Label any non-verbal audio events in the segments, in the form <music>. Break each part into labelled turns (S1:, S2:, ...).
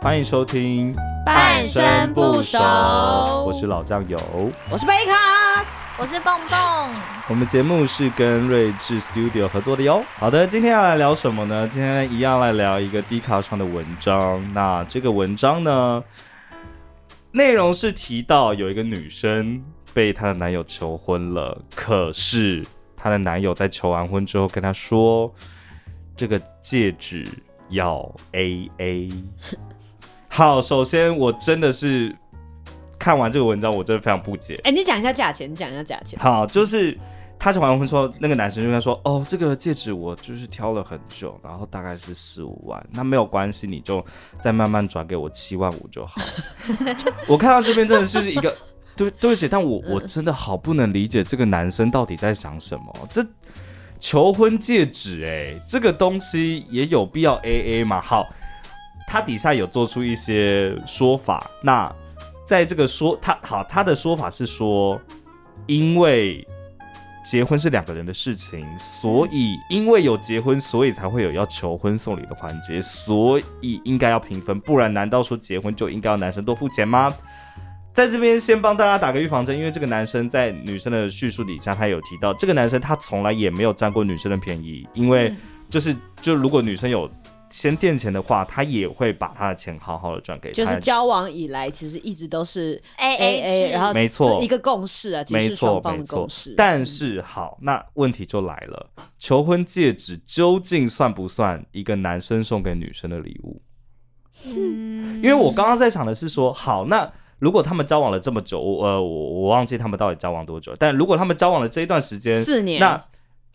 S1: 歡迎收聽半聲不熟，我是老醬油，我
S2: 是貝卡，我是蹦
S3: 蹦。
S1: 我們節目是跟 Ray Studio 合作的喲。好的，今天要來聊什麼呢？今天一樣來聊一個 Dcard 上的文章。那這個文章呢，內容是提到有一個女生被她的男友求婚了，可是她的男友在求完婚之後跟她說，這個戒指要 AA。 <laughs> 好，首先我真的是看完這個文章，我真的非常不解。哎、欸，
S2: 你講一下價錢，你講一下價錢。好，
S1: 就是他求完婚之後，那個男生就跟他說，哦，這個戒指我就是挑了很久，然後大概是十五萬，那沒有關係，你就再慢慢轉給我七萬五就好。 <laughs> 我看到這邊真的是一個，對，對不起，但我我真的好不能理解這個男生到底在想什麼。這求婚戒指、欸，哎，這個東西也有必要 A A 嗎？好。他底下有做出一些說法，那在這個說他好，他的說法是說，因為結婚是兩個人的事情，所以因為有結婚，所以才會有要求婚送禮的環節，所以應該要平分，不然難道說結婚就應該要男生多付錢嗎？在這邊先幫大家打個預防針，因為這個男生在女生的敘述底下，他有提到這個男生他從來也沒有佔過女生的便宜，因為就是就如果女生有。先墊錢的話，他也會把他的錢好好的轉給他。就是交
S2: 往以來，其實一直都是、AA、A A A，錯然後沒錯一個共識啊，沒錯錯沒錯。
S1: 但是好，那問題就來了，嗯、求婚戒指究竟算不算一個男生送給女生的禮物？嗯是，因為我剛剛在想的是說，好，那如果他們交往了這麼久，呃我呃我我忘記他們到底交往多久，但如果他們交往了這一段時間四年，那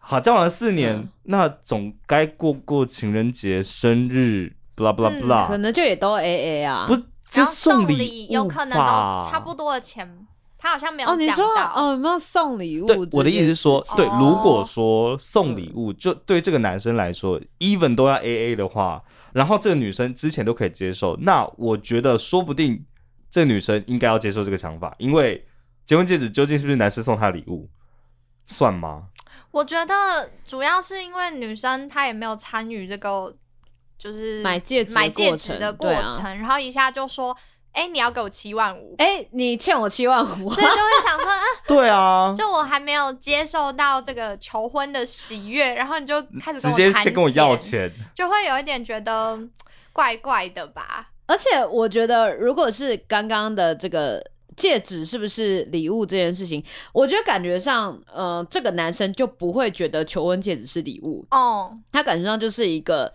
S1: 好，交往了四年，嗯、那總該過過情人節、生日，blah blah blah，可
S2: 能就也都 A A 啊，不就送
S1: 禮物，
S3: 有可能都、哦、差不多的錢，他好像沒有哦，你說到，哦、呃，有沒有送禮物？對，我的意思是說，對，哦、如果
S1: 說送禮物，就對這個男生來說，even、嗯、都要 A A 的話，然後這個女生之前都可以接受，那我覺得說不定這個女生應該要接受這個想法，因為結婚戒指究竟是不是男生送她的禮物，算嗎？
S3: 我覺得主要是因為女生她也沒有參與這個，就是買戒指的過程，過程、對啊、然後一下就說：“哎、欸，你要給我七萬五，哎、欸，你欠我七萬五、啊。”所以就會想說：“啊，
S1: 對啊，就
S3: 我還沒有接受到這個求婚的喜悅，然後你就開始跟我談錢、跟我要錢，就會有一點覺得怪怪的吧。而且我覺得，如果
S2: 是剛剛的這個。”戒指是不是禮物這件事情，我覺得感覺上，嗯、呃，這個男生就不會覺得求婚戒指是禮物哦，oh. 他感覺上就是一個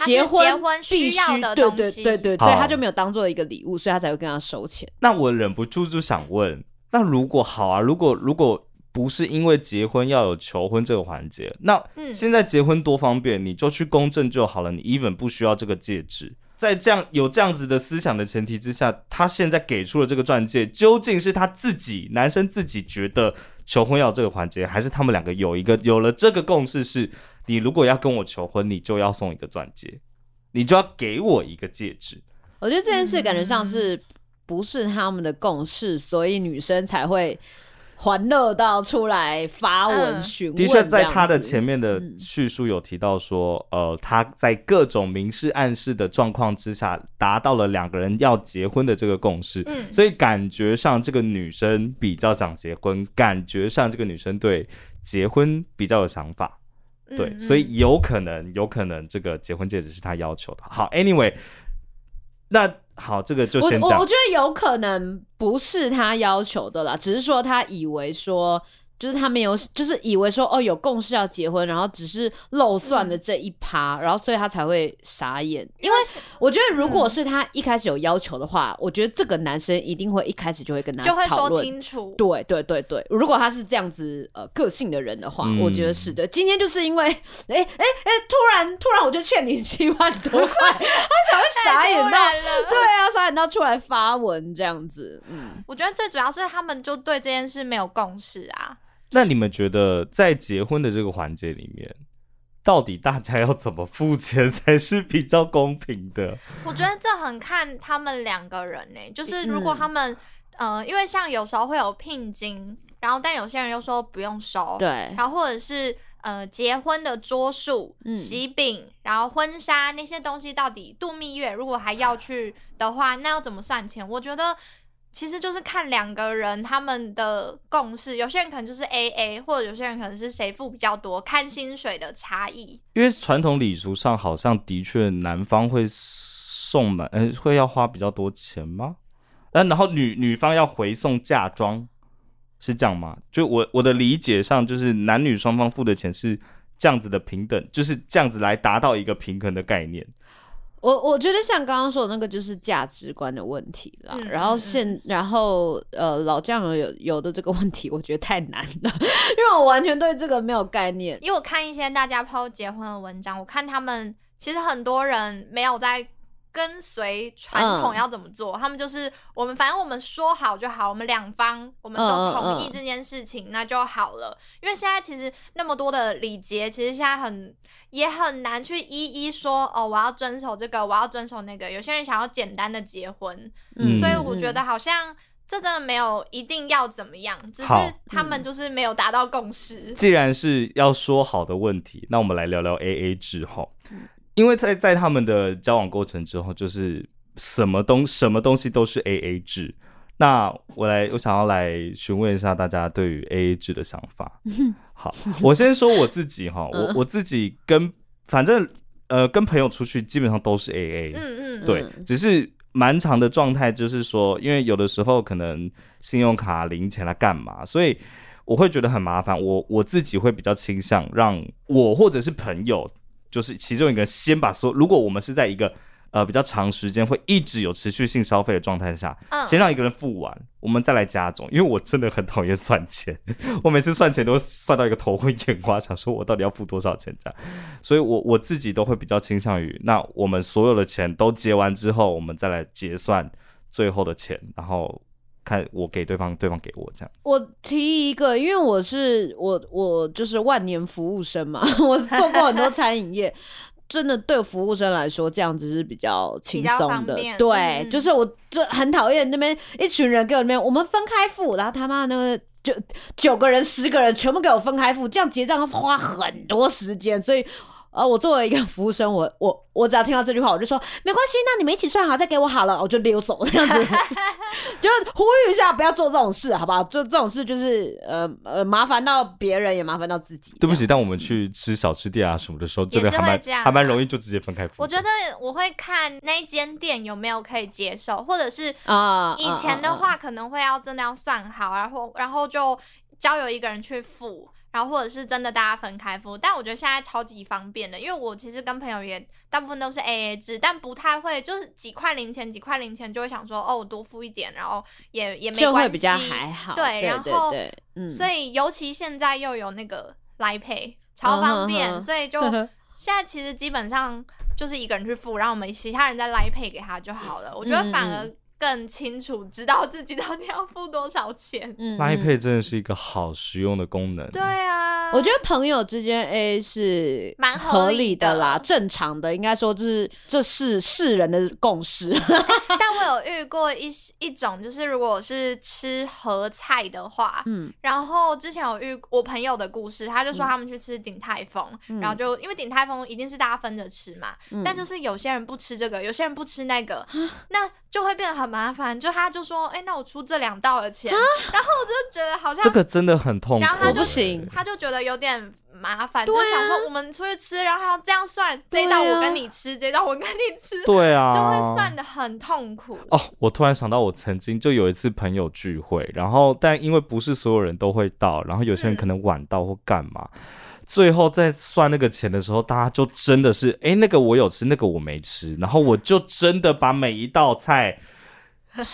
S2: 結婚必須結婚需要的東西，對對對對，好所以他就沒有當做一個禮
S1: 物，所以他才會跟他收錢。那我忍不住就想問，那如果好啊，如果如果不是因為結婚要有求婚這個環節，那現在結婚多方便，你就去公證就好了，你 even 不需要這個戒指。在這樣有這樣子的思想的前提之下，他現在給出了這個鑽戒，究竟是他自己男生自己覺得求婚要這個環節，還是他們兩個有一個有了這個共識是，是你如果要跟我求婚，你就要送一個鑽戒，你就要給我一個戒指？
S2: 我覺得這件事感覺上是不是他們的共識，所以女生才會。歡樂到出來發文詢問、嗯，的確，在他的前
S1: 面的敘述有提到說，嗯、呃，他在各種明示暗示的狀況之下，達到了兩個人要結婚的這個共識。嗯、所以感覺上這個女生比較想結婚，感覺上這個女生對結婚比較有想法。嗯、對，所以有可能，有可能這個結婚戒指是他要求的。好，anyway，那。好，這個就先講。我，我我覺
S2: 得有可能不是他要求的啦，只是說他以為說。就是他沒有，就是以為說，哦，有共識要結婚，然後只是漏算了這一趴，嗯、然後所以他才會傻眼。因為我覺得如果是他一開始有要求的話，嗯、我覺得這個男生一定會一開始就會跟他就會說清楚。對對對對，對，如果他是這樣子呃個性的人的話，嗯、我覺得是的。今天就是因為哎哎哎，突然突然我就欠你七萬多塊， <laughs> 他才會傻眼到。對啊，傻眼到出來發
S3: 文這樣子。嗯，我覺得最主要是他們就對這件事沒有共識啊。
S1: 那你們覺得在結婚的這個環節裡面，到底大家要怎麼付錢才是比較公平的？
S3: 我覺得這很看他們兩個人呢、欸。就是如果他們，嗯、呃，因為像有時候會有聘金，然後但有些人又說不用收，對。然後或者是呃，結婚的桌數、喜餅，嗯、然後婚紗那些東西，到底度蜜月如果還要去的話，那要怎麼算錢？我覺得。其實就是看兩個人他們的共識，有些人可能就是 AA，或者有些人可能是誰付比較多，看薪水的差異。因
S1: 為傳統禮俗上好像的確男方會送嘛，哎、欸，會要花比較多錢嗎？那、啊、然後女女方要回送嫁妝，是這樣嗎？就我我的理解上就是男女雙方付的錢是這樣子的平等，就是這樣子來達到一個平衡的概念。
S2: 我我覺得像剛剛說的那個就是價值觀的問題啦，嗯、然後現然後呃老醬油有有的這個問題我覺得太難了，因為我完全對這個沒有概念，
S3: 因為我看一些大家 PO 結婚的文章，我看他們其實很多人沒有在。跟隨傳統要怎麼做？Uh, 他們就是我們，反正我們說好就好，我們兩方我們都同意這件事情，那就好了。Uh, uh, uh, 因為現在其實那麼多的禮節，其實現在很也很難去一一說哦，我要遵守這個，我要遵守那個。有些人想要簡單的結婚，
S1: 嗯、所以我覺
S3: 得好像這真的沒有一定要怎麼樣，嗯、只是他們就是沒有達到共識、嗯。既
S1: 然是要說好的問題，那我們來聊聊 AA 制哈。因為在在他們的交往過程之後，就是什麼東什麼東西都是 AA 制。那我來，我想要來詢問一下大家對於 AA 制的想法。好，我先說我自己哈， <laughs> 我我自己跟反正呃跟朋友出去基本上都是 AA，嗯，嗯嗯，對，只是蠻長的狀態，就是說，因為有的時候可能信用卡零錢來幹嘛，所以我會覺得很麻煩。我我自己會比較傾向讓我或者是朋友，就是其中一個人先把所有，如果我們是在一個呃比較長時間會一直有持續性消費的狀態下，先讓一個人付完，我們再來加總。因為我真的很討厭算錢，我每次算錢都算到一個頭昏眼花，想說我到底要付多少錢這樣。所以我我自己都會比較傾向於，那我們所有的錢都結完之後，我們再來結算最後的錢，然後。看我給對方，對方給我這樣。
S2: 我提一個，因為我是我我就是萬年服務生嘛，我做過很多餐飲業， <laughs> 真的對服務生來說這樣子是比較輕鬆的。對，嗯、就是我就很討厭那邊一群人給我那邊，我們分開付，然後他媽那個就九個人十個人全部給我分開付，這樣結賬要花很多時間，所以。呃、哦，我作為一個服務生，我我我只要聽到這句話，我就說沒關係，那你們一起算好再給我好了，我就溜走這樣子， <laughs> 就是呼籲一下不要做這種事，好不好？就這種事就是呃呃麻煩
S3: 到別人也麻煩到自己。
S1: 對不起，當我們去吃小吃店啊什麼的時候， <laughs> 這邊還蠻、啊、還蠻容易就直接分開付。我覺
S3: 得我會看那間店有沒有可以接受，或者是啊以前的話可能會要真的要算好，然後、啊啊啊啊啊、然後就交由一個人去付。然後或者是真的大家分開付，但我覺得現在超級方便的，因為我其實跟朋友也大部分都是 AA 制，但不太會就是幾塊零錢幾塊零錢就會想說哦，我多付一點，然後也也沒關係，就會比較還好，
S2: 對，對對對然後，嗯、所以
S3: 尤其現在又有那個 Line Pay，超方便，oh, oh, oh. 所以就現在其實基本上就是一個人去付，然後我們其他人再 Line Pay 給他就好了，嗯、我覺得反而。更清楚知道自己到底要付多少錢，搭、嗯、配
S1: 真的是一個好實用的功能。
S3: 對啊，我覺
S2: 得朋友之間哎、欸、是蠻合理的啦，的正常的，應該說這是這是世人的共識。
S3: <laughs> 但我有遇過一一種，就是如果是吃合菜的話，嗯，然後之前有遇過我朋友的故事，他就說他們去吃鼎泰豐，嗯、然後就因為鼎泰豐一定是大家分着吃嘛，嗯、但就是有些人不吃這個，有些人不吃那個，蛤那就會變得很。麻煩，就他就說，哎、欸，那我出這兩道的錢，蛤然後我就覺得好像這個真的很痛苦。然後他就不行，他就覺得有點麻煩，啊、就想說我們出去吃，然後還要這樣算、啊這，這一道我跟你吃，這道我跟你吃，對啊，就會算得很痛苦。哦，
S1: 我突然想到，我曾經就有一次朋友聚會，然後但因為不是所有人都會到，然後有些人可能晚到或幹嘛，嗯、最後在算那個錢的時候，大家就真的是，哎、欸，那個我有吃，那個我沒吃，然後我就真的把每一道菜，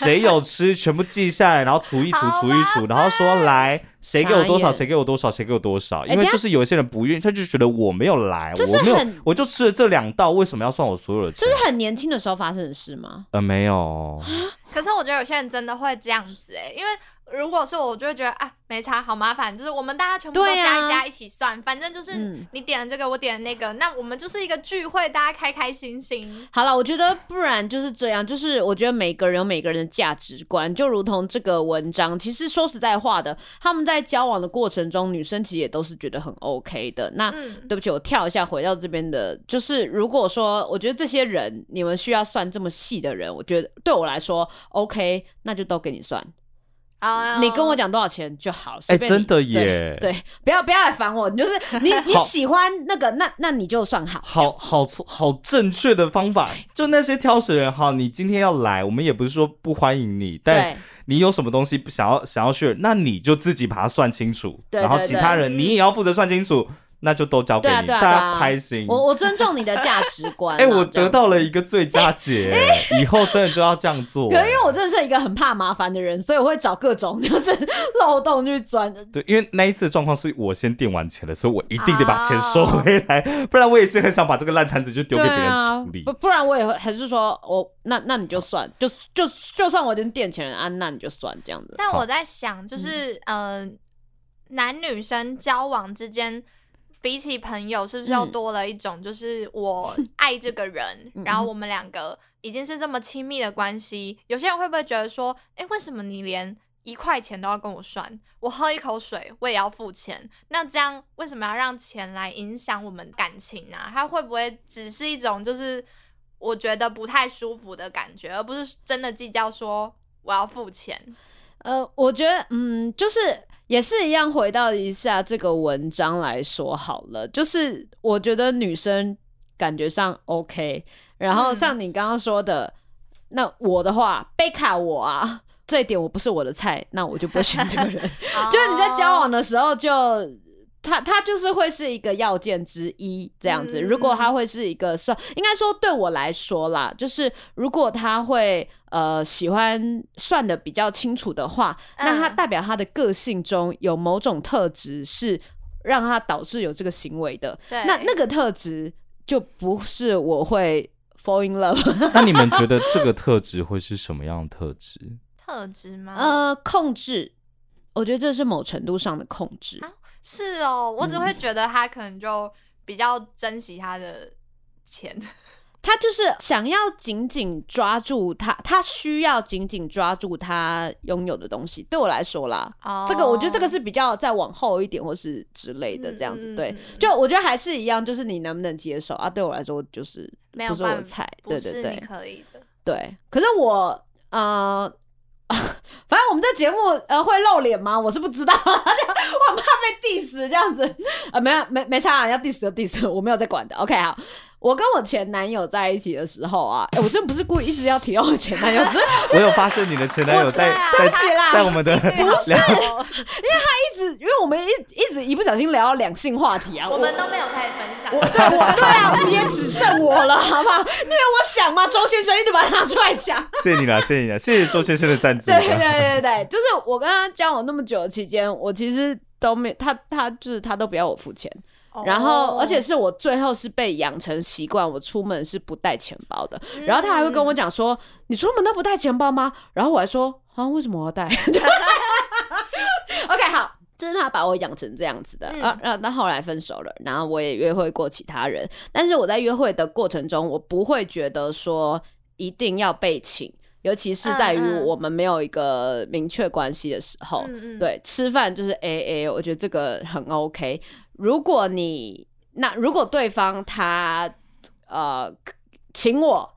S1: 誰 <laughs> 有吃全部記下來，然後除一除，除一除，然後說來誰給我多少，誰眼給我多少，誰給我多少，因為就是有一些人不願意，他就覺得我沒有來，欸、我沒有，我就吃了這兩道，為什麼要算我所有的錢？這
S3: 是很年輕的時候發生的事嗎？
S1: 呃，沒有。
S3: 呵可是我覺得有些人真的會這樣子哎，欸，因為。如果是我，我就會覺得啊，沒差，好麻煩。就是我們大家全部都加一加一起算，啊、反正就是你點了這個，我點了那個，嗯、那我們就是一個聚會，大家開開心心。
S2: 好了，我覺得不然就是這樣。就是我覺得每個人有每個人的價值觀，就如同這個文章，其實說實在話的，他們在交往的過程中，女生其實也都是覺得很 OK 的。那、嗯、對不起，我跳一下回到這邊的，就是如果說我覺得這些人你們需要算這麼細的人，我覺得對我來說 OK，那就都給你算。啊，oh, 你跟我講多少錢就好了。哎，欸、真的耶對！對，不要不要來煩我。你就是你你喜歡那個， <laughs> 那那你就算好。好好
S1: 好，好好正確的方法。就那些挑食人哈，你今天要來，我們也不是說不歡迎你。但你有什麼東西不想要想要去？那你就自己把它算清楚。對對對然後其他人、嗯、你也要負責算清楚。那就都交給你，大家開心。我
S2: 我尊重你的價值觀。哎，我得
S1: 到了一個最佳解，以後真的就要這樣做。對，因
S2: 為我真的是一個很怕麻煩的人，所以我會找各種就是漏洞去鑽。
S1: 對，因為那一次的狀況是我先墊完錢了，所以我一定得把錢收回來，不然我也是很想把這個爛攤子就丟給別人處理。不，
S2: 不然我也會還是說我那那你就算就就就算我已經墊錢了啊，那你就算這樣子。但我
S3: 在想，就是嗯，男女生交往之間。比起朋友，是不是又多了一種就是我愛這個人，嗯、 <laughs> 然後我們兩個已經是這麼親密的關係？有些人會不會覺得說，哎，為什麼你連一塊錢都要跟我算？我喝一口水我也要付錢？那這樣為什麼要讓錢來影響我們感情呢？啊？它會不會只是一種就是我覺得不太舒服的感覺，而不是真的計較說我要付錢？
S2: 呃，我覺得嗯，就是。也是一樣，回到一下這個文章來說好了。就是我覺得女生感覺上 OK，然後像你剛剛說的，嗯、那我的話，貝卡我啊，這一點我不是我的菜，那我就不選這個人。 <laughs> 就是你在交往的時候就。他他就是會是一個要件之一這樣子，嗯、如果他會是一個算，應該說對我來說啦，就是如果他會呃喜歡算的比較清楚的話，嗯、那他代表他的個性中有某種特質是讓他導致有這個行為的。對，那那個特質就不是我會 fall in love。那你們覺得這
S1: 個特質會是什麼樣的特質？
S3: 特質嗎？呃，
S2: 控制，我覺得這是某程度上的控制。啊
S3: 是哦，我只會覺得他可能就比較珍惜他的錢，
S2: 嗯，他就是想要緊緊抓住他，他需要緊緊抓住他擁有的東西。對我來說啦，Oh. 這個我覺得這個是比較再往後一點，或是之類的這樣子。嗯、對，就我覺得還是一樣，就是你能不能接受，嗯、啊？對我來說，就是不是我菜，對對，對不是你可以的，對。可是我啊。呃 <laughs> 反正我們這節目呃會露臉嗎？我是不知道， <laughs> 我很怕被 diss 這樣子啊、 <laughs> 呃，沒有沒沒差，要 diss 就 diss，我沒有在管的。OK 好。我跟我前男友在一起的時候啊，欸、我真不是故意一直要提到我前男友，就是 <laughs> 就是、我
S1: 有發現你的前男友在我在我們的聊不是，
S2: 因為他一直因為我們一一直一不小心聊到兩性話題啊，我，我們都沒
S3: 有太分享。我對我對啊， <laughs> 你也只
S2: 剩我了，好不好？因為 <laughs> 我想嘛，周先生一直把他拿出來講。
S1: <laughs> 謝謝你啦，謝謝你啦，謝謝周先生的贊助、啊。對對
S2: 對對，就是我跟他交往那麼久的期間，我其實都沒他他就是他都不要我付錢。然後，而且是我最後是被養成習慣，我出門是不帶錢包的。嗯、然後他還會跟我講說：“你出門都不帶錢包嗎？”然後我還說：“啊，為什麼我要帶 <laughs>
S3: <laughs> ？”OK，好，
S2: 這、就是他把我養成這樣子的。嗯、啊，然後後來分手了，然後我也約會過其他人。但是我在約會的過程中，我不會覺得說一定要被請，尤其是在於我們沒有一個明確關係的時候，嗯嗯，對，吃飯就是 AA，我覺得這個很 OK。如果你那如果對方他呃請我，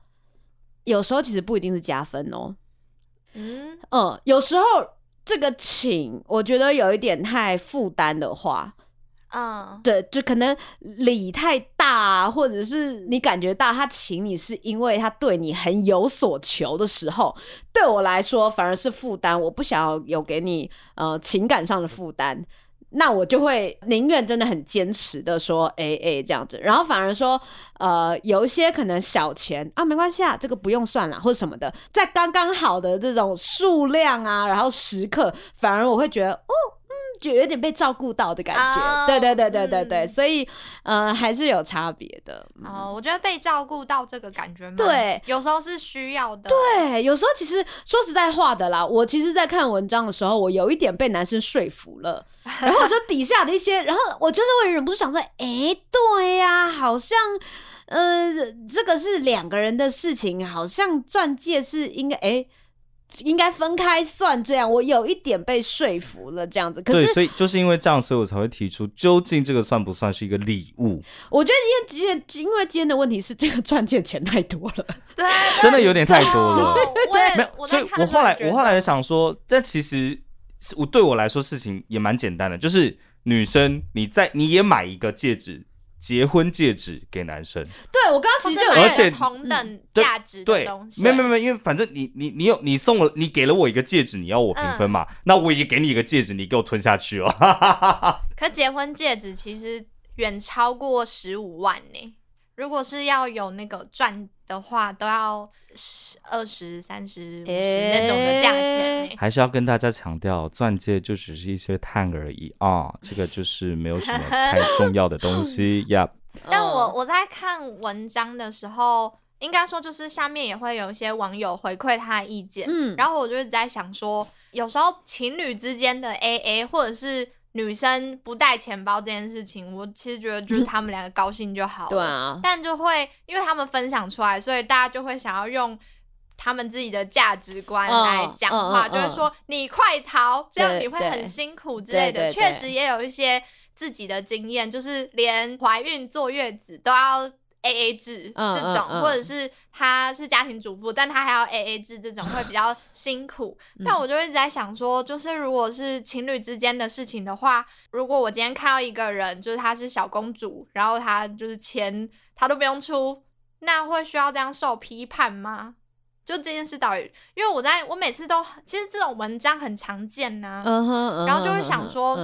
S2: 有時候其實不一定是加分哦、喔，嗯嗯，有時候這個請我覺得有一點太負擔的話，啊、嗯，對，就可能禮太大、啊，或者是你感覺到他請你是因為他對你很有所求的時候，對我來說反而是負擔，我不想要有給你呃情感上的負擔。那我就會寧願真的很堅持的說 AA，這樣子，然後反而說，呃，有一些可能小錢啊，沒關係啊，這個不用算了，或者什麼的，在剛剛好的這種數量啊，然後時刻，反而我會覺得哦。就有點被照顧到的感覺，對、oh, 對對對對對，嗯、所以呃還是有差別的。哦、
S3: oh, 嗯，我覺得被照顧到這個感覺，對，有時候是需要的。對，
S2: 有時候其實說實在話的啦，我其實在看文章的時候，我有一點被男生說服了，
S3: 然後我就底下的
S2: 一些， <laughs> 然後我就是會忍不住想說，哎、欸，對呀、啊，好像呃這個是兩個人的事情，好像鑽戒是應該哎。欸應該分開算，這樣我有一點被說服了，這樣子。可是對，所以
S1: 就是因為這樣，所以我才會提出，究竟這個算不算是一個禮物？
S2: 我覺得因為今天，因為今天的問題是這個鑽戒錢，太多了，對，對
S1: 真的有點太多了。對，對對沒有，所以我後來，我後來想說，這 <laughs> 其實我對我來說事情也蠻簡單的，就是女生你在你也買一個戒指。結婚戒指給男生，
S3: 對我剛剛其實就有一些同等價值的東西，嗯、
S1: 沒有沒有沒有，因為反正你你你有，你送了你給了我一個戒指，你要我平分嘛，嗯、那我也給你一個戒指，你給我吞下去哦。 <laughs> 可
S3: 結婚戒指其實遠超過十五萬呢、欸，如果是要有那個鑽。的話都要十、二、十、三、十、五十那種的價錢、
S1: 欸，還是要跟大家強調，鑽戒就只是一些碳而已啊、哦，這個就是沒有什麼太重要的東西呀。 <laughs> Yep 但我
S3: 我在看文章的時候，應該說就是下面也會有一些網友回饋他的意見，嗯，然後我就在想說，有時候情侶之間的 AA 或者是。女生不帶錢包這件事情，我其實覺得就是他們兩個高興就好了。 <laughs> 對啊，但就會因為他們分享出來，所以大家就會想要用他們自己的價值觀來講話，oh, oh, oh, oh. 就是說“你快逃”，對這樣你會很辛苦之類的。確實也有一些自己的經驗，就是連懷孕坐月子都要。A A 制這種，uh, uh, uh. 或者是她是家庭主婦，但她還要 A A 制這種，會比較辛苦。 <laughs> 但我就一直在想說，就是如果是情侶之間的事情的話，如果我今天看到一個人，就是她是小公主，然後她就是錢她都不用出，那會需要這樣受批判嗎？就這件事導，因為我在我每次都，其實這種文章很常見啊，然後就會想說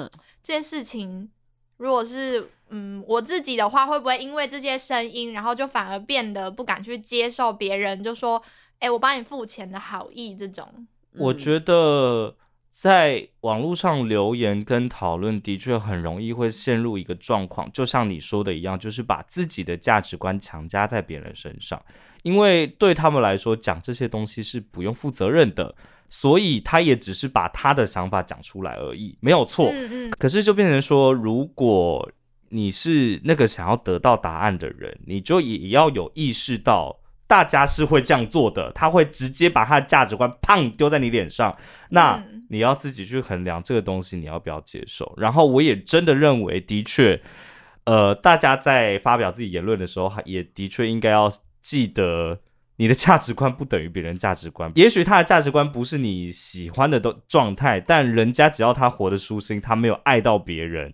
S3: 這件事情，如果是。嗯，我自己的話會不會因為這些聲音，然後就反而變得不敢去接受別人就說，哎、欸，我幫你付錢的好意這種？嗯、
S1: 我覺得在網絡上留言跟討論的確很容易會陷入一個狀況，就像你說的一樣，就是把自己的價值觀強加在別人身上，因為對他們來說，講這些東西是不用負責任的，所以他也只是把他的想法講出來而已，沒有錯。嗯嗯。可是就變成說，如果你是那個想要得到答案的人，你就也要有意識到，大家是會這樣做的，他會直接把他的價值觀砰，丟在你臉上。那你要自己去衡量這個東西，你要不要接受？嗯。然後我也真的認為，的確，呃，大家在發表自己言論的時候，也的確應該要記得，你的價值觀不等於別人價值觀。也許他的價值觀不是你喜歡的狀態，但人家只要他活得舒心，他沒有愛到別人。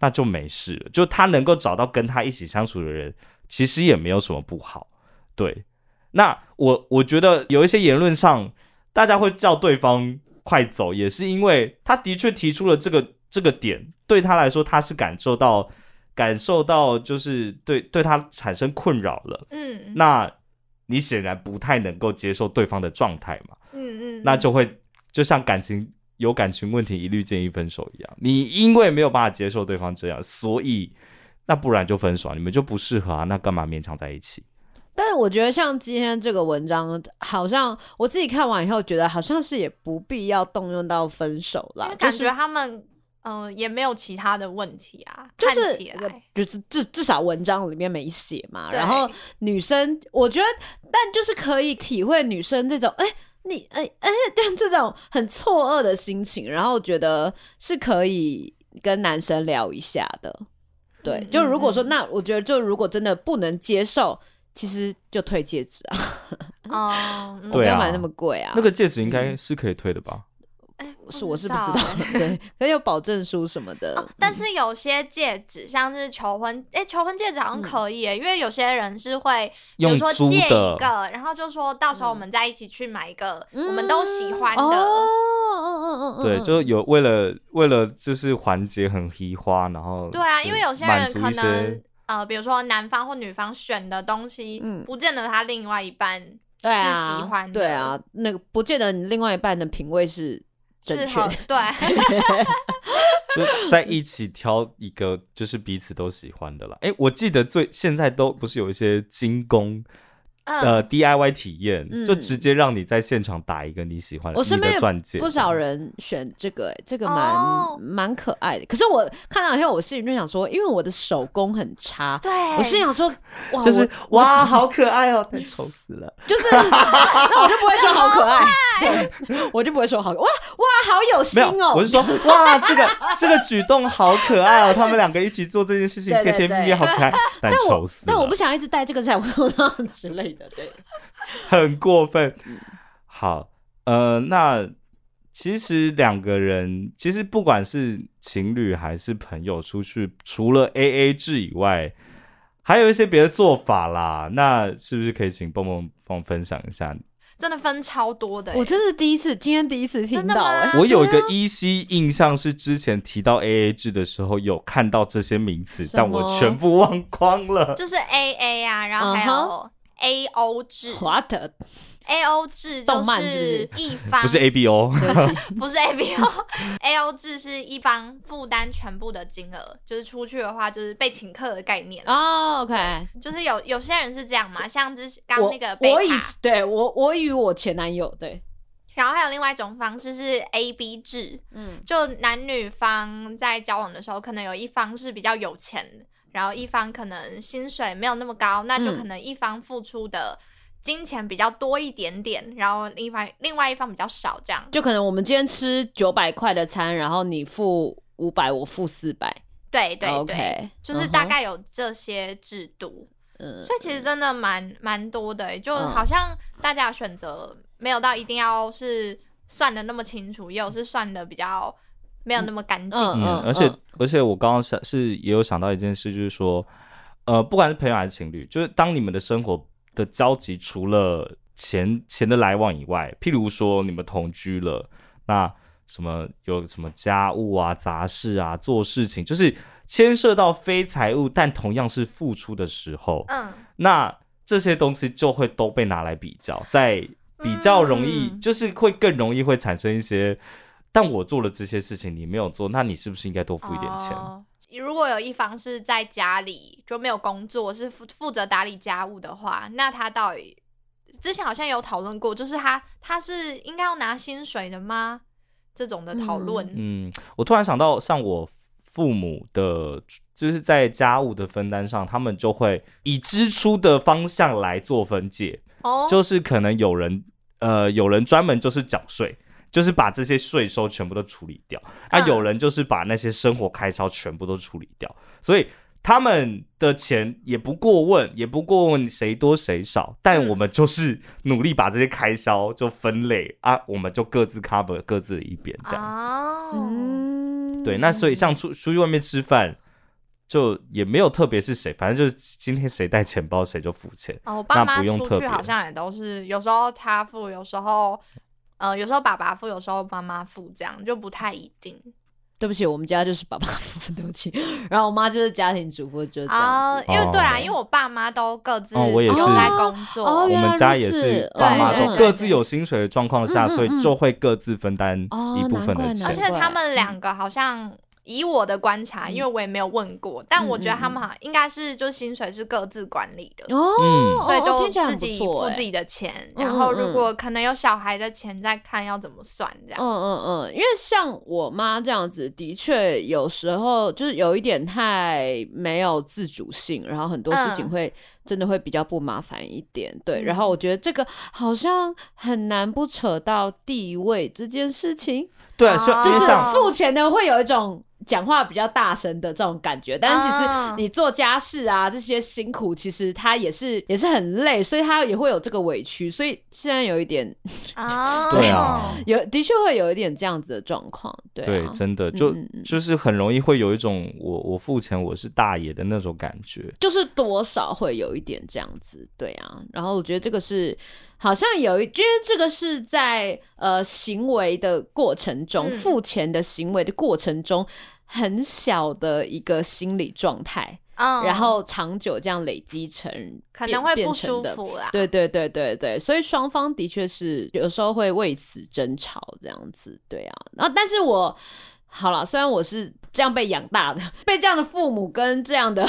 S1: 那就沒事了，就他能夠找到跟他一起相處的人，其實也沒有什麼不好。對，那我我覺得有一些言論上，大家會叫對方快走，也是因為他的確提出了這個這個點，對他來說他是感受到感受到就是對對他產生困擾了。嗯，那你顯然不太能夠接受對方的狀態嘛。嗯嗯嗯，那就會就像感情。有感情問題，一律建議分手一樣。你因為沒有辦法接受對方這樣，所以那不然就分手，你們就不適合啊。那幹嘛勉強在一起？
S2: 但是我覺得像今天這個文章，好像我自己看完以後，覺得好像是也不必要動用到分手啦。感覺他
S3: 們嗯、就是呃、也沒有其他的問題啊，就
S2: 是看起來就是至至少文章裡面沒寫嘛。對然後女生，我覺得，但就是可以體會女生這種哎。欸你哎哎，對、欸欸、這種很錯愕的心情，然後覺得是可以跟男生聊一下的，對。就如果說、嗯、那，我覺得就如果真的不能接受，其實就退戒指啊， <laughs> 哦，嗯、我不要買那麼貴啊，
S1: 啊。那個戒指應該是可以退的吧？嗯
S2: 是我是不知道，對，可以有保證書什麼的。
S3: 但是有些戒指，像是求婚，哎，求婚戒指好像可以耶，因為有些人是會，比如說借一個，然後就說到時候我們再一起去買一個我們都喜歡的。哦，對，就
S1: 有為了為了就是緩解很花，然後對啊，因為有些人可
S3: 能呃，比如說男方或女方選的東西，嗯，不見得他另外一半是喜歡的。對
S2: 啊，那個不見得你另外一半的品味是。
S3: 正好，對，
S1: <laughs> 就在一起挑一個，就是彼此都喜歡的了。哎、欸，我記得最現在都不是有一些精工。呃，DIY 體驗就直接讓你在現場打一個你喜歡的鑽戒，我身邊不少
S2: 人選這個，這個蠻蠻可愛的。可是我看到以後，我心裡就想說，因為我的手工很差，對，我心裡想說，就是哇，好可愛哦，太醜死
S3: 了。就是那
S2: 我就不會說好可愛，我就不會說好哇哇好有心哦，我是說哇這個
S1: 這個舉動好可愛哦，他們兩個一起做這件事情，天衣無縫，好可愛，但醜死了。
S2: 但我不想一直戴這個彩虹糖之類的。
S1: <laughs> 很過分。好，呃，那其實兩個人，其實不管是情侶還是朋友，出去除了 A A 制以外，還有一些別的做法啦。那是不是可以請蹦蹦蹦分享一下？
S3: 真的分超多的，欸，我真、哦、是第一次，今天第一次聽到。真的我有一個
S1: 依稀印象是之前提到 A A 制的時候有看到這些名詞，麼但我全部忘光了。就
S3: 是 A A 啊，然後還有、uh。Huh A O 制 a What? O 制，就是一方動漫是不是 A B O，不是 A B O，A O 制是一方負擔全部的金額，就是出去的話就是被請客的概念哦。Oh, OK，就是有有些人是這樣嘛，就像剛剛那個貝卡，我以
S2: 對我我與我前男友對，
S3: 然後還有另外一種方式是 A B 制，嗯，就男女方在交往的時候，可能有一方是比較有錢。然後一方可能薪水沒有那麼高，那就可能一方付出的金錢比較多一點點，嗯、然後另一方另外一方比較少，這樣。就
S2: 可能我們今天吃九百塊的餐，然後你付五百，我付四百。
S3: 對對對，oh, okay. 就是大概有這些制度。嗯、uh-huh. 所以其實真的蠻、嗯、蠻多的，就好像大家選擇沒有到一定要是算得那麼清楚，也有是算得比較。沒有那麼乾淨，嗯，而且
S1: 而且我剛剛想是也有想到一件事，就是說，呃，不管是朋友還是情侶，就是當你們的生活的交集除了錢錢的來往以外，譬如說你們同居了，那什麼有什麼家務啊、雜事啊、做事情，就是牽涉到非財務但同樣是付出的時候，嗯，那這些東西就會都被拿來比較，在比較容易，就是會更容易會產生一些。但我做了這些事情，你沒有做，那你是不是應該多付一點錢？
S3: 哦，如果有一方是在家裡就沒有工作，是負負責打理家務的話，那他到底之前好像有討論過，就是他他是應該要拿薪水的嗎？這種的討論，
S1: 嗯，嗯，我突然想到，像我父母的，就是在家務的分擔上，他們就會以支出的方向來做分解，哦，就是可能有人呃，有人專門就是繳稅。就是把這些稅收全部都處理掉、嗯、啊！有人就是把那些生活開銷全部都處理掉，所以他們的錢也不過問，也不過問誰多誰少。但我們就是努力把這些開銷就分類、嗯、啊，我們就各自 cover 各自一邊這樣子、哦嗯、對，那所以像出出去外面吃飯，就也沒有特別是誰，反正就是今天誰帶錢包誰就付錢。哦、我爸媽、那不用特別、出去好
S3: 像也都是，有時候他付，有時候。呃，有時候爸爸付，有時候媽媽付，這樣就不太一定。
S2: 對不起，我們家就是爸爸付，對不起。 <laughs> 然後我媽就是家庭主婦，就這樣子。哦、因
S1: 為對啊，哦、因
S3: 為我爸媽都各自
S1: 用在、哦，我也是工作。哦、要要我們家也是，爸媽都各自有薪水的狀況下，對對對對，所以就會各自分擔一部分的錢、嗯嗯嗯哦、而且他們
S3: 兩個好像、嗯。以我的觀察，因為我也沒有問過，嗯、但我覺得他們好像應該是就薪水是各自管理的哦，
S1: 嗯、所以就
S3: 自己付自己的錢，然後如果可能有小孩的錢，再看要怎麼算這樣。
S2: 嗯嗯嗯，嗯，嗯，因為像我媽這樣子，的確有時候就是有一點太沒有自主性，然後很多事情會真的會比較不麻煩一點。對，然後我覺得這個好像很難不扯到地位這件事情。對，我對哦、就是付錢的會有一種。講話比較大聲的這種感覺，但是其實你做家事啊、oh. 這些辛苦，其實他也是也是很累，所以他也會有這個委屈，所以雖然有一點，啊，對啊，有的確會有一點這樣子的狀況，對，啊、對，真的就
S1: 就是很容易會有一種我、嗯、我付錢我是大爺的那種感覺，
S2: 就是多少會有一點這樣子，對啊，然後我覺得這個是。好像有一，因為這個是在呃行為的過程中，付錢、嗯、的行為的過程中，很小的一個心理狀態，嗯、然後長久這樣累積成可能會不舒服啦的對,對對對對對，所以雙方的確是有時候會為此爭吵這樣子，對啊，然後但是我。好了，雖然我是這樣被養大的，被這樣的父母跟這樣的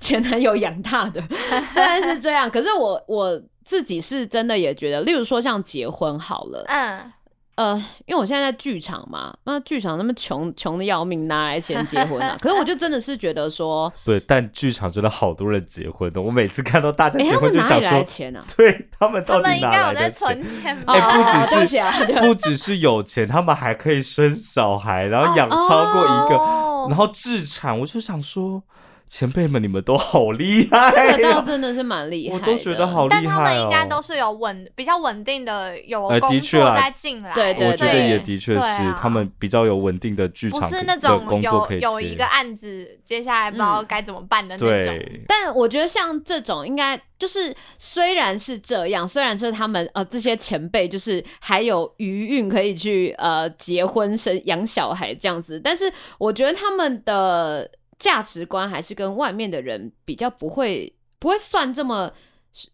S2: 前 <laughs> 男友養大的，雖然是這樣，可是我我自己是真的也覺得，例如說像結婚好了，嗯。呃，因為我現在在劇場嘛，那劇場那麼窮，窮的要命，哪來錢結婚啊？可是我就真的是覺得說， <laughs>
S1: 對，但劇場真的好多人結婚的，我每次看到大家結婚就想說，欸、拿來錢呢、啊？對他們到底哪裡來的錢？應該有在存錢欸、不只是、哦不，啊、不只是有錢，他們還可以生小孩，然後養超過一個，哦、然後置產，我就想說。前輩們，你們都好厲害、欸！這個
S3: 倒真的是蠻厲害，我都覺得好厲害、哦、但他們應該都是有穩比較穩定的有工作在進來，對對、呃。啊、所以我覺得也的確是、啊、他
S1: 們比較有穩定的劇場的工作可以去。不是那種有有一個
S3: 案子，接
S2: 下來不知道該怎麼辦的那種。嗯、對但我覺得像這種應該就是，雖然是這樣，雖然是他們呃這些前輩就是還有餘裕可以去呃結婚生養小孩這樣子，但是我覺得他們的。價值觀還是跟外面的人比較不會不會算這麼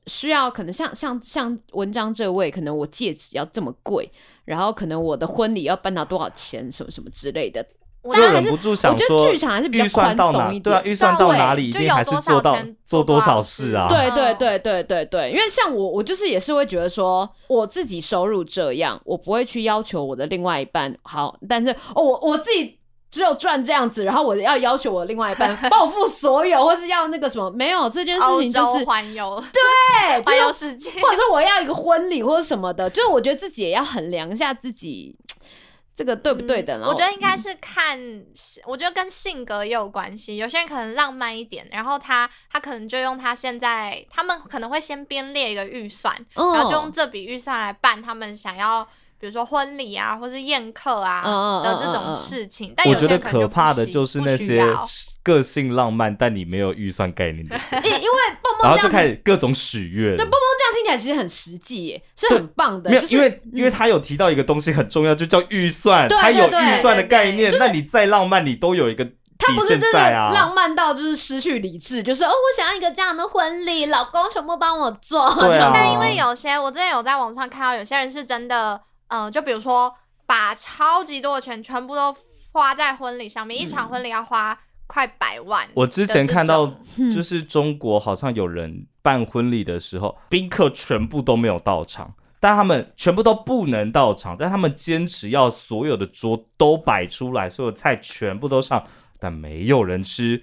S2: 需要，可能像、像、像文章這位，可能我戒指要這麼貴，然後可能我的婚禮要辦到多少錢什麼什麼之類的。我忍不住想說，我覺得劇場還是比較寬鬆一點，預算到哪裡，對啊，預算到哪裡一定還是做到，就有多
S1: 少錢做多少事啊。對，對
S2: 對對對對對，因為像我我，就是也是會覺得說，我自己收入這樣，我不會去要求我的另外一半好，但是我、我自己。只有賺這樣子，然後我要要求我另外一半報復所有， <laughs> 或是要那個什麼沒有這件事情，就是環
S3: 遊，對，環遊世界，或者說我要一個
S2: 婚禮或者什麼的， <laughs> 就是我覺得自己也要衡量一下自己這個對不對的。呢、嗯。我覺得應該是
S3: 看，嗯、我覺得跟性格也有關係，有些人可能浪漫一點，然後他他可能就用他現在他們可能會先編列一個預算，嗯、然後就用這筆預算來辦他們想要。比如說婚禮啊，或是宴客啊的這種事情，但我覺得可怕的就是那些
S1: 個性浪漫，但你沒有預算概念。
S3: 因因為蹦蹦這樣就開始
S1: 各種許願。對，
S3: 蹦
S2: 蹦這樣聽起來其實很實際耶，是很棒的。因為
S1: 因為他有提到一個東西很重要，就叫預算。對對對，他有預算的概念，那你再浪漫，你都有一個，他不是真的浪
S3: 漫到就是失去理智，就是哦，我想要一個這樣的婚禮，老公全部幫我做。但因為有些我之前有在網上看到，有些人是真的。嗯、呃，就比如說，把超級多的錢全部都花在婚禮上面，嗯、一場婚禮要花快百萬。我之前看到，就是
S1: 中國好像有人辦婚禮的時候，賓、嗯、客全部都沒有到場，但他們全部都不能到場，但他們堅持要所有的桌都擺出來，所有菜全部都上，但沒有人吃。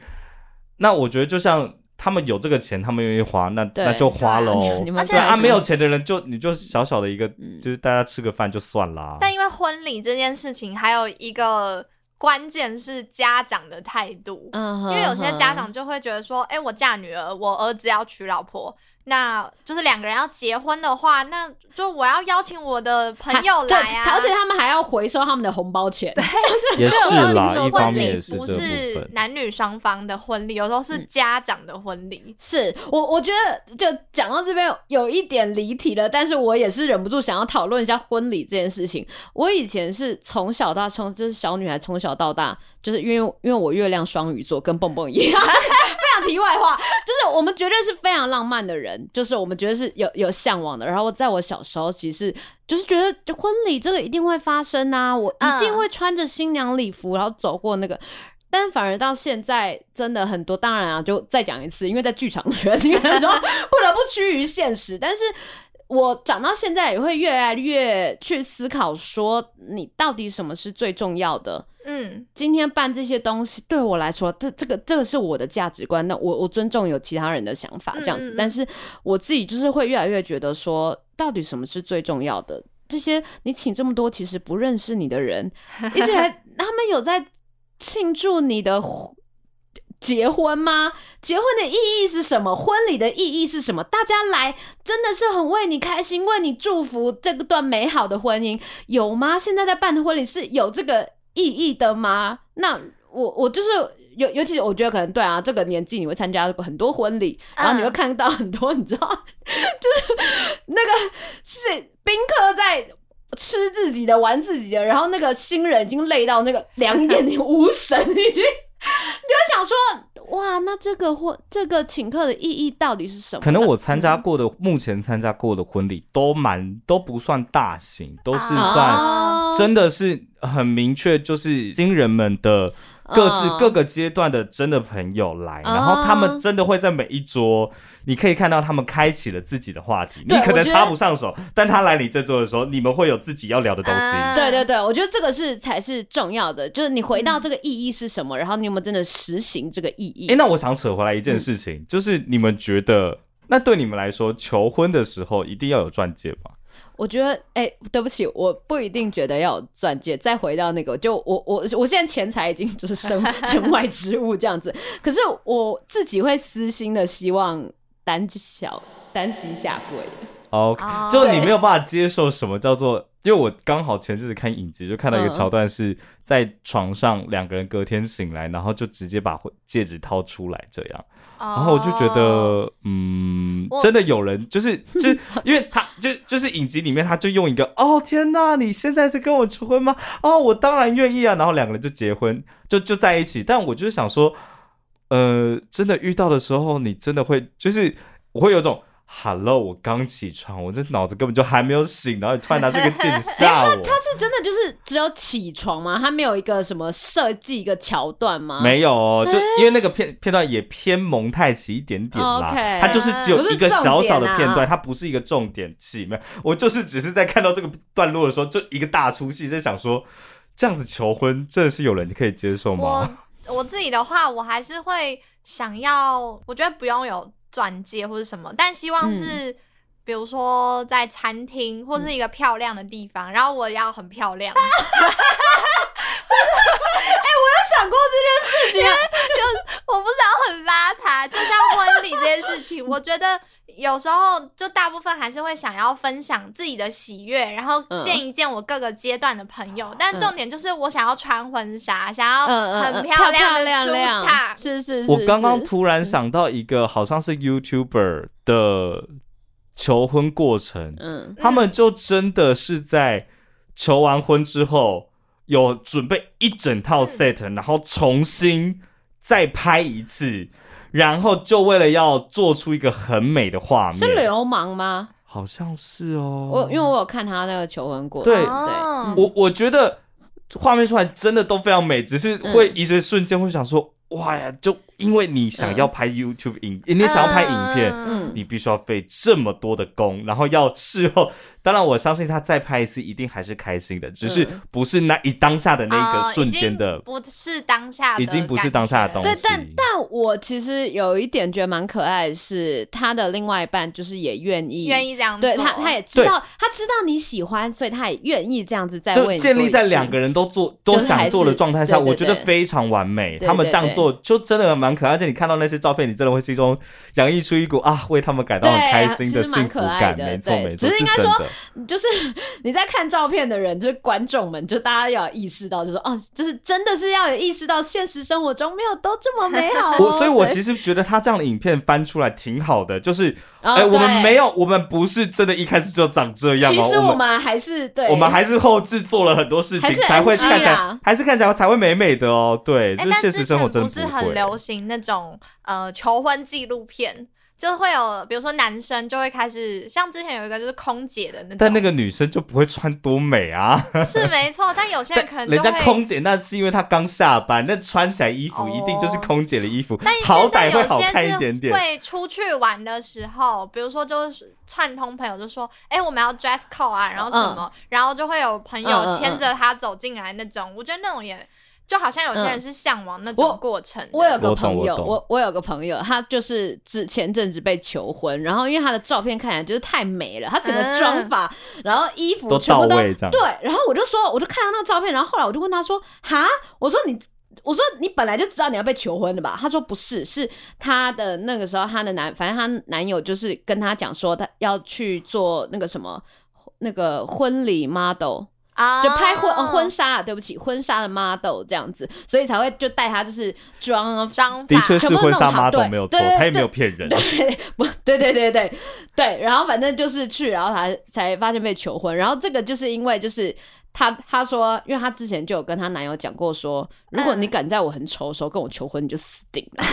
S1: 那我覺得就像。他們有這個錢，他們願意花，那對那就花嘍。而且啊，看沒有錢的人就你就小小的一個，嗯、就是大家吃個飯就算啦、啊。但
S3: 因為婚禮這件事情，還有一個關鍵是家長的態度，嗯、哼哼因為有些家長就會覺得說，嗯、哼哎，我嫁女兒，我兒子要娶老婆。那就是兩個人要結婚的話，那就我要邀請我的朋友來啊，而且他們還
S2: 要回收他們的紅包錢。對，
S3: <laughs>
S1: 也是啦 <laughs> 就你說婚禮不是
S3: 男女雙方的婚禮，有時候是家長的婚禮。嗯，是我，我覺得就講到這邊有
S2: 一點離題了，但是我也是忍不住想要討論一下婚禮這件事情。我以前是從小到從就是小女孩從小到大，就是因為因為我月亮雙魚座跟蹦蹦一樣。 <laughs> <laughs> 題外話，就是我們絕對是非常浪漫的人，就是我們絕對是有有嚮往的。然後，在我小時候，其實是就是覺得婚禮這個一定會發生啊，我一定會穿着新娘禮服，然後走過那個。Uh. 但反而到現在，真的很多，當然啊，就再講一次，因為在劇場圈裡面的時候不得不趨於現實。但是。我長到現在也會越來越去思考，說你到底什麼是最重要的？嗯，今天辦這些東西，對我來說，這這個這個是我的價值觀。那我我尊重有其他人的想法，這樣子。但是我自己就是會越來越覺得，說到底什麼是最重要的？這些你請這麼多其實不認識你的人一起來，他們有在慶祝你的。結婚嗎？結婚的意義是什麼？婚禮的意義是什麼？大家來真的是很為你開心，為你祝福這段美好的婚姻，有嗎？現在在辦的婚禮是有這個意義的嗎？那我我就是尤尤其是我覺得可能對啊，這個年紀你會參加很多婚禮，嗯、然後你會看到很多你知道， <laughs> 就是那個是賓客在吃自己的、玩自己的，然後那個新人已經累到那個兩眼無神已經。 <laughs> <laughs> <laughs> 你就想說，哇，那這個婚，這個請客的意義到底是什麼？可能我
S1: 參加過的，嗯、目前參加過的婚禮都蠻都不算大型，都是算真的是很明確，就是新人們的各自各個階段的真的朋友來，uh, 然後他們真的會在每一桌。你可以看到他們開啟了自己的話題，對你可能插不上手，但他來你這桌的時候，你們會有自己要聊的東西。
S2: 對對對，我覺得這個是才是重要的，就是你回到這個意義是什麼，嗯、然後你有沒有真的實行這個意
S1: 義？哎、欸，那我想扯回來一件事情，嗯、就是你們覺得，那對你們來說，求婚的時候一定要有鑽戒嗎？
S2: 我覺得，誒、欸，對不起，我不一定覺得要有鑽戒。再回到那個，就我我我現在錢財已經就是身 <laughs> 身外之物這樣子，可是我自己會私心的希望。單腳單膝下
S1: 跪，哦，okay, 就你沒有辦法接受什麼叫做，oh, 因為我剛好前陣子看影集，就看到一個橋段是在床上兩個人隔天醒來，oh. 然後就直接把戒指掏出來這樣，oh. 然後我就覺得，嗯，oh. 真的有人就是、oh. 就是因為他就就是影集裡面他就用一個， <laughs> 哦天哪，你現在在跟我求婚嗎？哦，我當然願意啊，然後兩個人就結婚，就就在一起，但我就是想說。呃，真的遇到的時候，你真的會就是，我會有種，Hello，我剛起床，我這腦子根本就還沒有醒，然後你突然拿這個戒指嚇我、 <laughs> 欸他。他
S2: 是真的就是只有起床嗎？他沒有一個什麼設計一個橋段嗎？沒有、哦，就
S1: 因為那個片 <laughs> 片段也偏蒙太奇一點點啦。Oh, OK，它就是只有一個小小，小的片段， <laughs> 不啊、它不是一個重點戲沒，我就是只是在看到這個段落的時候，就一個大出戲，在想說，這樣子求婚真的是有人可以接受嗎？
S3: 我自己的話，我還是會想要，我覺得不用有鑽戒或者什麼，但希望是，嗯、比如說在餐廳或是一個漂亮的地方，嗯、然後我要很漂亮。真的、 <laughs> <laughs> 就是，哎、欸，我有想過這件事情， <laughs> 就是、我不想很邋遢，就像婚禮這件事情， <laughs> 我覺得。有時候就大部分還是會想要分享自己的喜悅，然後見一見我各個階段的朋友。嗯、但重點就是我想要穿婚紗，嗯、想要很漂亮的、出場、嗯嗯嗯。是是是,是。我剛剛
S1: 突然想到一個，好像是 YouTuber 的求婚過程。嗯，他們就真的是在求完婚之後，有準備一整套 set，、嗯、然後重新再拍一次。然後就為了要做出一個很美的畫面，是
S2: 流氓嗎？
S1: 好像是哦。我
S2: 因為我有看他那個求婚過程，對，啊、我我
S1: 覺得畫面出來真的都非常美，只是會一些瞬間會想說，嗯、哇呀！就因為你想要拍 YouTube 影，嗯、你想要拍影片，嗯，你必須要費這麼多的功，然後要事後。當然，我相信他再拍一次，一定還是開心的，只是不是那一當下的那個瞬間的，不
S3: 是當下，已經不是當下的東西。對，但
S2: 但我其實有一點覺得蠻可愛，是他的另外一半，就是也願意願意這樣，對他他也知道，他知道你喜歡，所以他也願意這樣子，在建立在兩
S1: 個人都做都想做的狀態下，我覺得非常完美。他們這樣做就真的蠻可愛，而且你看到那些照片，你真的會心中洋溢出一股啊，為他們感到很開心的幸福感。沒錯，沒錯，是真的。
S2: 就是你在看照片的人，就是觀眾們，就大家要意識到就是，就說哦，就是真的是要有意識到，現實生活中沒有都這麼美好、哦。我，所以我其
S1: 實覺得他這樣的影片翻出來挺好的，就是，哎、哦，我們沒有，我們不是真的一開始就長這樣、哦。其實我們
S3: 還是對，我們還是
S1: 後製做了很多事情才會看起來，還是，啊、還是看起來才會美美的哦。對，就是、現實生活真的不，不是很流
S3: 行那種呃求婚紀錄片。就會有，比如說男生就會開始像之前有一個就是空姐的那種，但
S1: 那個女生就不會穿多美啊， <laughs> 是沒
S3: 錯。但有些人可能人家空姐
S1: 那是因為她剛下班，那穿起來衣服一定就是空姐的衣服，oh, 好歹會好看一點點。是
S3: 是會出去玩的時候，比如說就是串通朋友就說，哎、欸，我們要 dress code 啊，然後什麼，嗯、然後就會有朋友牽着她走進來那種，嗯嗯嗯、我覺得那種也。就好像有些人是嚮往那種過程，嗯我。我有個朋友，我
S2: 我，我，我，我有個朋友，他就是之前陣子被求婚，然後因為他的照片看起來就是太美了，他整個妝髮，嗯、然後衣服全部都，都對，然後我就說，我就看他那個照片，然後後來我就問他說：“哈，我說你，我說你本來就知道你要被求婚的吧？”他說：“不是，是他的那個時候，他的男，反正他男友就是跟他講說，他要去做那個什麼那個婚禮 model。”
S1: 就拍婚婚
S2: 紗了，對不起，婚紗的 model 這樣子，所以才會就帶他就是裝啊裝，的確是婚紗 model 沒有錯，他也沒有騙人，對不對，對對對對，然後反正就是去，然後他才發現被求婚，然後這個就是因為就是。他他說，因為他之前就有跟他男友講過說，說如果你敢在我很醜的時候跟我求婚，你就死定了。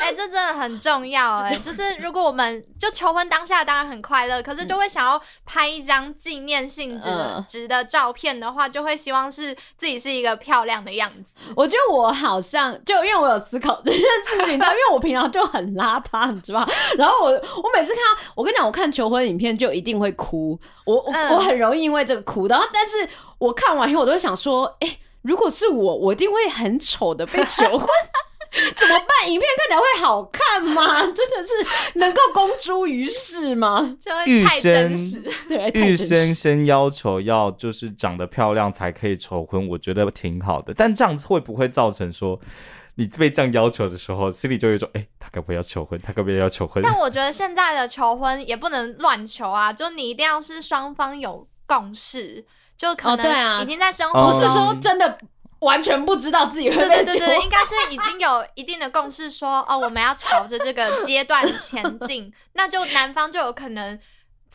S3: 哎，這真的很重要哎、欸，就是如果我們就求婚當下當然很快樂，可是就會想要拍一張紀念性質、嗯、值的照片的話，就會希望是自己是一個漂亮的樣子。
S2: 我覺得我好像就因為我有思考這件事情，你知道？因為我平常就很邋遢， <laughs> 你知道？然後我我每次看到我跟你講，我看求婚影片就一定會哭，我我、嗯、我很容易因為這個哭，然後但。但是我看完以後，我都想說：哎、欸，如果是我，我一定會很醜的被求婚， <laughs> 怎麼辦？影片看起來會好看嗎？真的是能夠公諸於世嗎？這樣太真實。玉先對玉先
S1: 生要求要就是長得漂亮才可以求婚，我覺得挺好的。但這樣子會不會造成說你被這樣要求的時候，心裡就有一種：哎、欸，他可不要求婚？他可不要求婚？但
S3: 我覺得現在的求婚也不能亂求啊，就你一定要是雙方有共識。就可能已經在生活中、oh, 啊，不是說真的完全不知道自己會。對對對，應該是已經有一定的共識說，說 <laughs> 哦，我們要朝着這個階段前進， <laughs> 那就男方就有可能，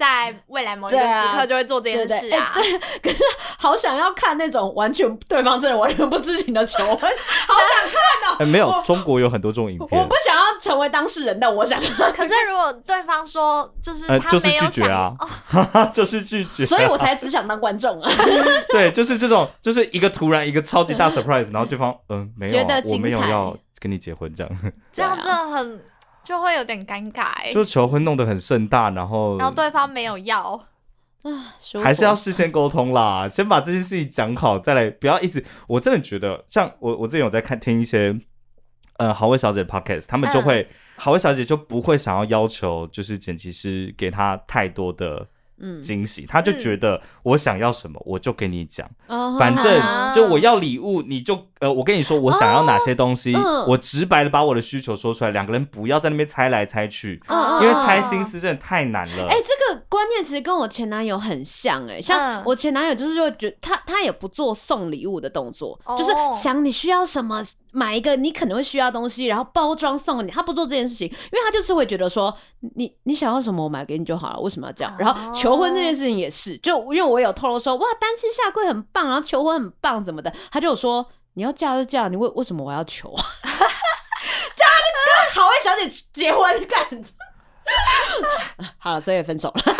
S3: 在未來某一個時刻就會做這件事啊，對啊對
S2: 對、欸！對，可是好想要看那種完全對方真的完
S3: 全不知情
S2: 的求婚， <laughs> 好
S1: 想看的、哦欸。沒有，我中國有很多這種影片。我不
S2: 想要成為當事人，但我想。可是如果對方說
S1: 就是他，呃、就是拒絕啊，哦、 <laughs> 就是拒絕、啊， <laughs> 所以我才只
S2: 想當觀眾啊。
S1: <laughs> 對，就是這種，就是一個突然一個超級大 surprise，然後對方嗯、呃、沒有、啊，覺得我沒有要跟你結婚這樣，這樣
S3: 子很。就會有點尷尬、欸，就求
S1: 婚弄得很盛大，然後然後
S3: 對方沒有要啊，還是要事
S1: 先溝通啦，先把這件事情講好再來，不要一直，我真的覺得，像我我自己有在看聽一些，呃，好味小姐的 podcast 他們就會好味、嗯、小姐就不會想要要求，就是剪輯師給他太多的。嗯、驚喜，他就覺得我想要什麼，我就跟你講，嗯、反正就我要禮物，你就、啊、呃，我跟你說我想要哪些東西，啊嗯、我直白的把我的需求說出來，兩個人不要在那邊猜來猜去，啊、因為猜心思真的太難了。哎、啊啊欸，
S2: 這個觀念其實跟我前男友很像、欸，哎，像我前男友就是會覺得他他也不做送禮物的動作，啊、就是想你需要什麼，買一個你可能會需要東西，然後包裝送給你，他不做這件事情，因為他就是會覺得說你你想要什麼，我買給你就好了，為什麼要這樣？啊、然後求。求婚這件事情也是，就因為我有透露說，哇，單膝下跪很棒，然後求婚很棒，什麼的，他就有說，你要嫁就嫁，你為為什麼我要求，就 <laughs> <laughs> 跟豪門小姐結婚的感覺， <laughs> <laughs> 好了，所以分手了。 <laughs>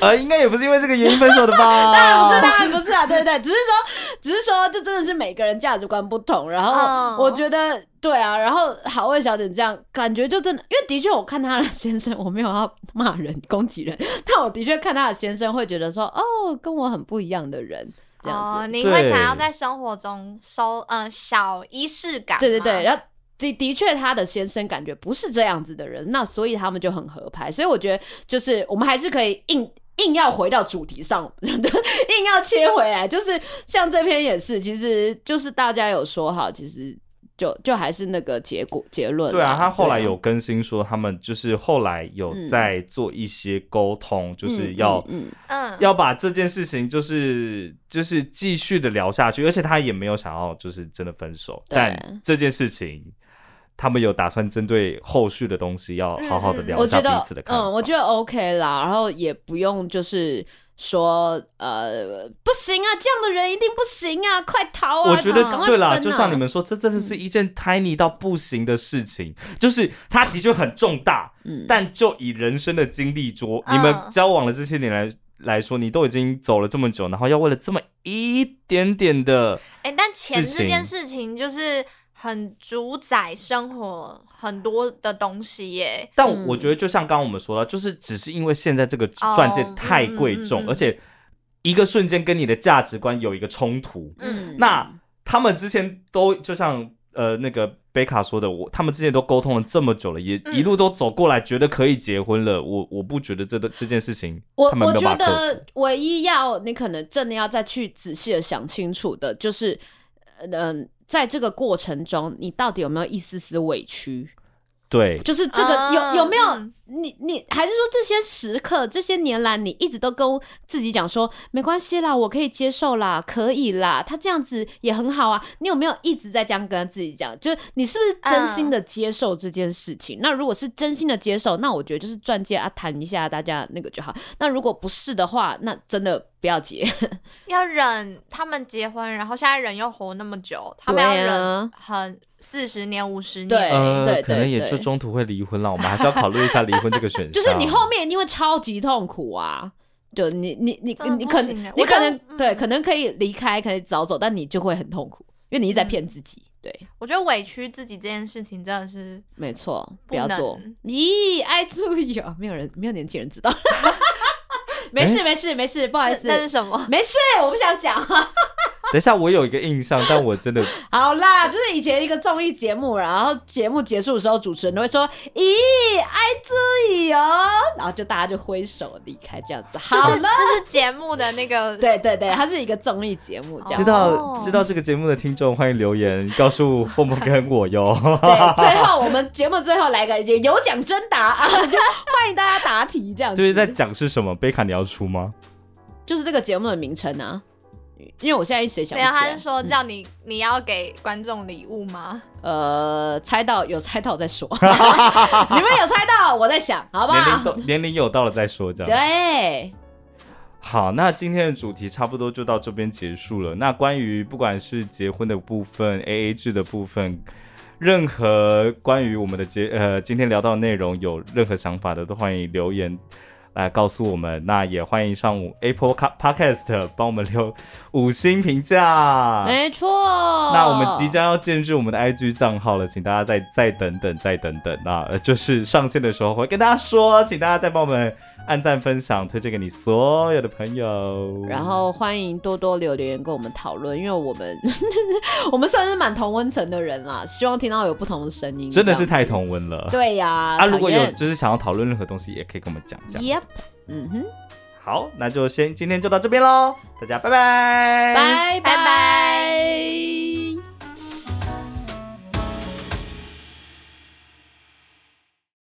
S2: 呃，
S1: 應該也不是因為這個原因分手的吧？ <laughs> 當然不是，當然不
S2: 是啊！對對對，只是說，只是說，就真的是每個人價值觀不同。然後我覺得，對啊，然後好味小姐這樣感覺就真的，因為的確我看她的先生，我沒有要罵人、攻擊人，但我的確看她的先生會覺得說，哦，跟我很不一樣的人這樣子。哦，你會想要在
S3: 生活中收嗯小儀式感？對對對，然
S2: 後的的確他的先生感覺不是這樣子的人，那所以他們就很合拍。所以我覺得，就是我們還是可以應。硬要回到主題上，硬要切回來，就是像這篇也是，其實就是大家有說好，其實就就還是那個結果結論。對啊，他後來有
S1: 更新說，他們就是後來有在做一些溝通，嗯、就是要、嗯嗯嗯嗯、要把這件事情就是就是繼續的聊下去，而且他也沒有想要就是真的分手，對但這件事情。他們有打算針對後續的東西，要好好的聊一下彼此的感覺。嗯，我
S2: 覺得 OK 啦，然後也不用就是說，呃，不行啊，這樣的人一定不行啊，快逃啊！我覺得，啊、對啦，就像你
S1: 們說，這真的是一件 tiny 到不行的事情。嗯、就是他的確很重大，嗯、但就以人生的經歷說，嗯、你們交往了這些年來來說，你都已經走了這麼久，然後要為了這麼一點點的，哎、欸，但錢這件事
S3: 情就是。很主宰生活很多的東西耶，但我
S1: 覺得就像剛剛我們說了，嗯、就是只是因為現在這個鑽戒太貴重，哦嗯嗯、而且一個瞬間跟你的價值觀有一個衝突。嗯，那他們之前都就像呃那個貝卡說的，我他們之前都溝通了這麼久了，也一路都走過來，覺得可以結婚了。嗯、我我不覺得這個這件事情，我我覺得
S2: 唯一要你可能真的要再去仔細的想清楚的，就是嗯。呃在這個過程中，你到底有沒有一絲絲委屈？
S1: 對，就是這個、oh. 有有沒
S2: 有？你你還是說這些時刻，這些年來你一直都跟自己講說沒關係啦，我可以接受啦，可以啦，他這樣子也很好啊。你有沒有一直在這樣跟自己講？就是你是不是真心的接受這件事情？嗯、那如果是真心的接受，那我覺得就是鑽戒啊，談一下大家那個就好。那如果不是的話，那真的不要結，
S3: 要忍他們結婚，然後現在人又活那麼久，啊、他們要忍很四十年,年、五十年，對,對,對,對，可能也就
S1: 中途會離婚了。我們還是要考慮一下離婚。 <laughs> <laughs> 就是你
S2: 後面因為超級痛苦啊，就你你你、欸、你可能看你可能、嗯、對，可能可以離開可以早走，但你就會很痛苦，因為你一直在騙自己。嗯、對，
S3: 我覺得委屈自己這件事情真的是
S2: 沒錯，不要做。咦，愛注意啊、喔，沒有人沒有年輕人知道。 <laughs> 沒事、欸、沒事沒事，不好意思，那，那是什麼？沒事，我不想講。 <laughs> 等
S1: 一下，我有一個印象，但我真的
S2: 好啦，就是以前一個綜藝節目，然後節目結束的時候，主持人會說：“咦，愛注意哦。”然後就大家就揮手離開這樣子。好
S3: 了這。這是節目的那個，對
S2: 對對，它是一個綜藝節目。知道知道這
S1: 個節目的聽眾，歡迎留言告訴蹦蹦跟我喲。哈。 <laughs> <laughs> 最後。
S2: <laughs> 我們節目最後來個也有獎徵答啊！ <laughs> <laughs> 歡迎大家答
S3: 題，這樣子就是在講
S1: 是什麼？貝卡，你要出嗎？
S2: 就是這個節目的名稱啊，因為我現在一時想沒有。他是說
S3: 叫你、嗯、你要給觀眾禮物嗎？
S2: 呃，猜到有猜到再說。 <laughs>
S3: <laughs> <laughs> 你們有猜到，我在想，好
S2: 不好？
S1: 年齡有到了再說，這
S2: 樣對。
S1: 好，那今天的主題差不多就到這邊結束了。那關於不管是結婚的部分、AA 制的部分。任何關於我們的節呃今天聊到的內容有任何想法的都歡迎留言來告訴我們，那也歡迎上午 Apple Podcast 幫我們留五星評價，沒
S2: 錯。那我們即
S1: 將要建制我們的 IG 賬號了，請大家再再等等再等等，那就是上線的時候會跟大家說，請大家再幫我們。按讚、分享、推薦給你所有的朋友，然後
S2: 歡迎多多留留言跟我們討論，因為我們呵呵我們算是蠻同溫層的人啦，希望聽到有不同的聲音，真的是太
S1: 同溫了。對呀，啊，討厭，如果有就是想要討論任何東西，也可以跟我們講講。Yep，嗯哼，好，那就先今天就到這邊嘍，大家拜拜，拜拜拜。